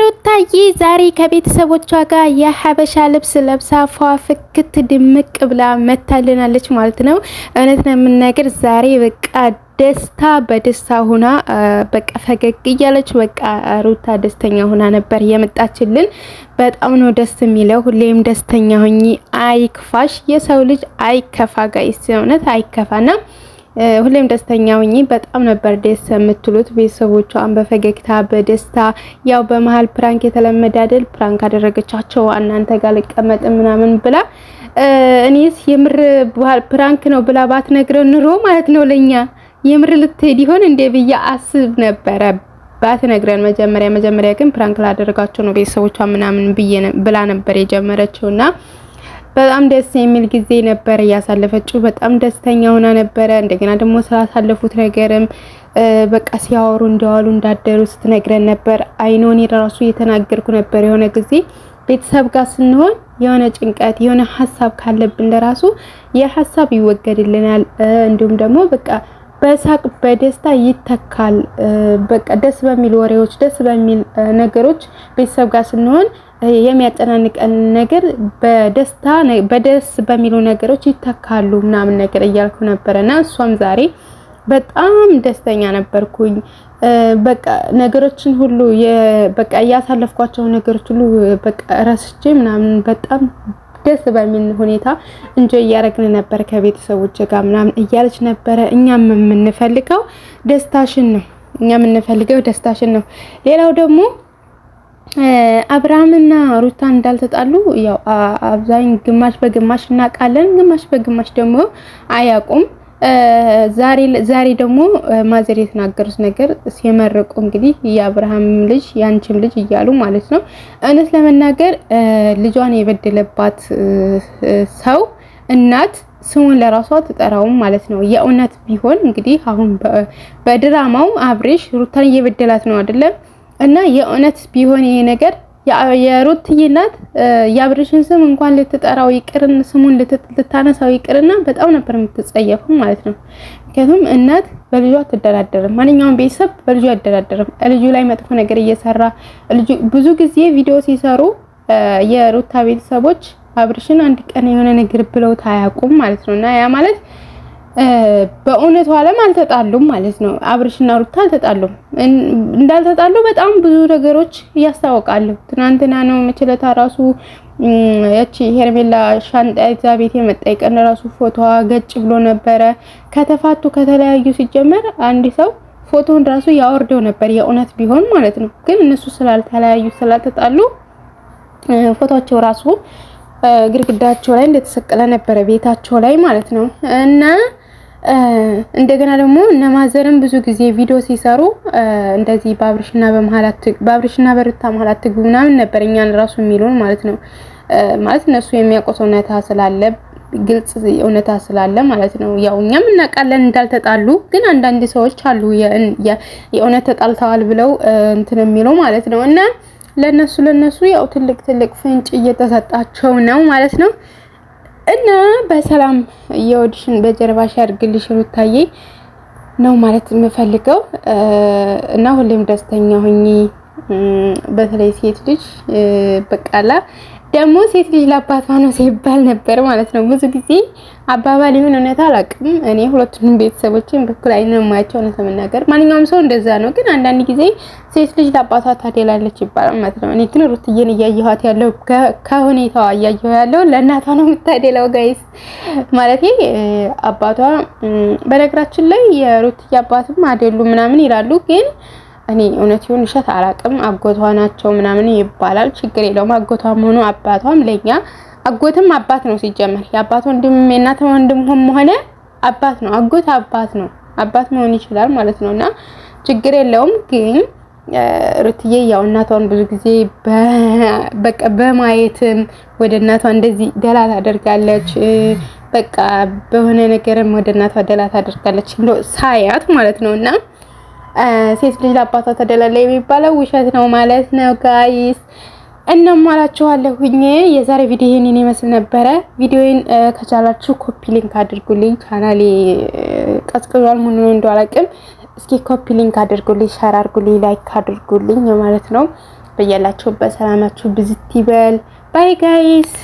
ሩታዬ ዛሬ ከቤተሰቦቿ ጋር የሀበሻ ልብስ ለብሳ ፏፍክት ድምቅ ብላ መታልናለች ማለት ነው። እውነት ነው የምናገር ዛሬ በቃ ደስታ በደስታ ሁና በቃ ፈገግ እያለች በቃ ሩታ ደስተኛ ሁና ነበር የመጣችልን። በጣም ነው ደስ የሚለው። ሁሌም ደስተኛ ሁኚ፣ አይክፋሽ። የሰው ልጅ አይከፋ ጋይስ፣ እውነት አይከፋና ሁሌም ደስተኛ ሁኚ። በጣም ነበር ደስ የምትሉት ቤተሰቦቿን በፈገግታ በደስታ ያው በመሀል ፕራንክ የተለመደ አይደል? ፕራንክ አደረገቻቸው እናንተ ጋር ልቀመጥ ምናምን ብላ እኔስ የምር ፕራንክ ነው ብላ ባትነግረን ኑሮ ማለት ነው ለኛ የምር ልትሄድ ይሆን እንደ ብዬ አስብ ነበረ። ነግረን መጀመሪያ መጀመሪያ ግን ፕራንክ ላደረጋቸው ነው ቤተሰቦቿ ምናምን ብላ ነበር የጀመረችውና በጣም ደስ የሚል ጊዜ ነበር እያሳለፈችው። በጣም ደስተኛ ሆና ነበረ። እንደገና ደግሞ ስላሳለፉት ነገርም በቃ ሲያወሩ እንደዋሉ እንዳደሩ ስትነግረን ነበር። አይኖን የራሱ እየተናገርኩ ነበር የሆነ ጊዜ ቤተሰብ ጋር ስንሆን የሆነ ጭንቀት የሆነ ሀሳብ ካለብን ለራሱ የሀሳብ ይወገድልናል። እንዲሁም ደግሞ በቃ በሳቅ በደስታ ይተካል። በቃ ደስ በሚል ወሬዎች፣ ደስ በሚል ነገሮች ቤተሰብ ጋር ስንሆን የሚያጨናንቀን ነገር በደስታ በደስ በሚሉ ነገሮች ይተካሉ ምናምን ነገር እያልኩ ነበረ እና እሷም ዛሬ በጣም ደስተኛ ነበርኩኝ። በቃ ነገሮችን ሁሉ በቃ እያሳለፍኳቸው ነገሮች ሁሉ በቃ ረስቼ ምናምን በጣም ደስ በሚል ሁኔታ እንጆ እያደረግን ነበር ከቤተሰቦች ጋር ምናምን እያለች ነበረ። እኛም የምንፈልገው ደስታሽን ነው። እኛ የምንፈልገው ደስታሽን ነው። ሌላው ደግሞ አብርሃምና ሩታ እንዳልተጣሉ ያው አብዛኝ ግማሽ በግማሽ እናውቃለን፣ ግማሽ በግማሽ ደግሞ አያውቁም። ዛሬ ደግሞ ማዘር የተናገሩት ነገር ሲመረቁ እንግዲህ የአብርሃም ልጅ ያንቺም ልጅ እያሉ ማለት ነው። እውነት ለመናገር ልጇን የበደለባት ሰው እናት ስሙን ለራሷ ትጠራውም ማለት ነው። የእውነት ቢሆን እንግዲህ አሁን በድራማው አብሬሽ ሩታን እየበደላት ነው አይደለም እና የእውነት ቢሆን ይሄ ነገር የሩትዬ እናት የአብርሽን ስም እንኳን ልትጠራው ይቅርን ስሙን ልታነሳው ይቅርና በጣም ነበር የምትጸየፉ ማለት ነው። ምክንያቱም እናት በልጇ አትደራደርም። ማንኛውም ቤተሰብ በልጇ አይደራደርም። ልጁ ላይ መጥፎ ነገር እየሰራ ብዙ ጊዜ ቪዲዮ ሲሰሩ የሩታ ቤተሰቦች አብርሽን አንድ ቀን የሆነ ነገር ብለውት አያውቁም ማለት ነው እና ያ ማለት በእውነቱ ዓለም አልተጣሉም ማለት ነው። አብርሽና ሩታ አልተጣሉም። እንዳልተጣሉ በጣም ብዙ ነገሮች ያስታውቃሉ። ትናንትና ነው መችለታ ራሱ ያቺ ሄርሜላ ሻንጣ ይዛ ቤት የመጣ ቀን ራሱ ፎቶዋ ገጭ ብሎ ነበረ። ከተፋቱ ከተለያዩ ሲጀመር አንድ ሰው ፎቶን ራሱ ያወርደው ነበር የእውነት ቢሆን ማለት ነው። ግን እነሱ ስላልተለያዩ ስላልተጣሉ ፎቶቸው ራሱ ግድግዳቸው ላይ እንደተሰቀለ ነበረ ቤታቸው ላይ ማለት ነው እና እንደገና ደግሞ እነ ብዙ ጊዜ ቪዲዮ ሲሰሩ እንደዚህ በአብርሽና በመሃላት በአብርሽና በርታ መሀላት ትግቡ ምናምን ነበር እኛን ራሱ የሚሉን ማለት ነው። ማለት እነሱ የሚያውቁት እውነታ ስላለ ግልጽ እውነታ ስላለ ማለት ነው። ያው እኛም እናውቃለን እንዳልተጣሉ፣ ግን አንዳንድ ሰዎች አሉ የእውነት ተጣልተዋል ብለው እንትን የሚለው ማለት ነው። እና ለነሱ ለነሱ ያው ትልቅ ትልቅ ፍንጭ እየተሰጣቸው ነው ማለት ነው። እና በሰላም የወድሽን በጀርባሽ ያድርግልሽ ሩታዬ ነው ማለት የምፈልገው እና ሁሌም ደስተኛ ሁኚ። በተለይ ሴት ልጅ በቃላ ደግሞ ሴት ልጅ ለአባቷ ነው ሲባል ነበር ማለት ነው። ብዙ ጊዜ አባባል ይሁን እውነታ አላውቅም። እኔ ሁለቱንም ቤተሰቦችን በኩል አይን የማያቸው እውነት ለመናገር ማንኛውም ሰው እንደዛ ነው። ግን አንዳንድ ጊዜ ሴት ልጅ ለአባቷ ታደላለች ይባላል ማለት ነው። እኔ ግን ሩትዬን እያየኋት ያለው ከሁኔታዋ እያየሁ ያለው ለእናቷ ነው የምታደላው። ጋይስ ማለት አባቷ በነገራችን ላይ የሩትዬ አባትም አይደሉም ምናምን ይላሉ ግን እኔ እውነት ይሁን ውሸት አላቅም። አጎቷ ናቸው ምናምን ይባላል። ችግር የለውም። አጎቷም ሆኖ አባቷም ለኛ አጎትም አባት ነው ሲጀመር የአባት ወንድም የእናት ሆም ሆነ አባት ነው። አጎት አባት ነው፣ አባት መሆን ይችላል ማለት ነው። እና ችግር የለውም ግን ሩትዬ ያው እናቷን ብዙ ጊዜ በቃ በማየትም ወደ እናቷ እንደዚህ ደላ ታደርጋለች። በቃ በሆነ ነገርም ወደ እናቷ ደላ ታደርጋለች ሳያት ማለት ነው እና ሴት ልጅ ለአባቷ ተደላለ የሚባለው ውሸት ነው ማለት ነው ጋይስ። እናማላችኋለሁኝ የዛሬ ቪዲዮ ይህንን ይመስል ነበረ። ቪዲዮን ከቻላችሁ ኮፒ ሊንክ አድርጉልኝ። ቻናሌ ቀዝቅዟል፣ ምን ሆኖ እንደው አላውቅም። እስኪ ኮፒ ሊንክ አድርጉልኝ፣ ሸር አድርጉልኝ፣ ላይክ አድርጉልኝ ማለት ነው። በያላችሁበት ሰላማችሁ ብዝት ይበል። ባይ ጋይስ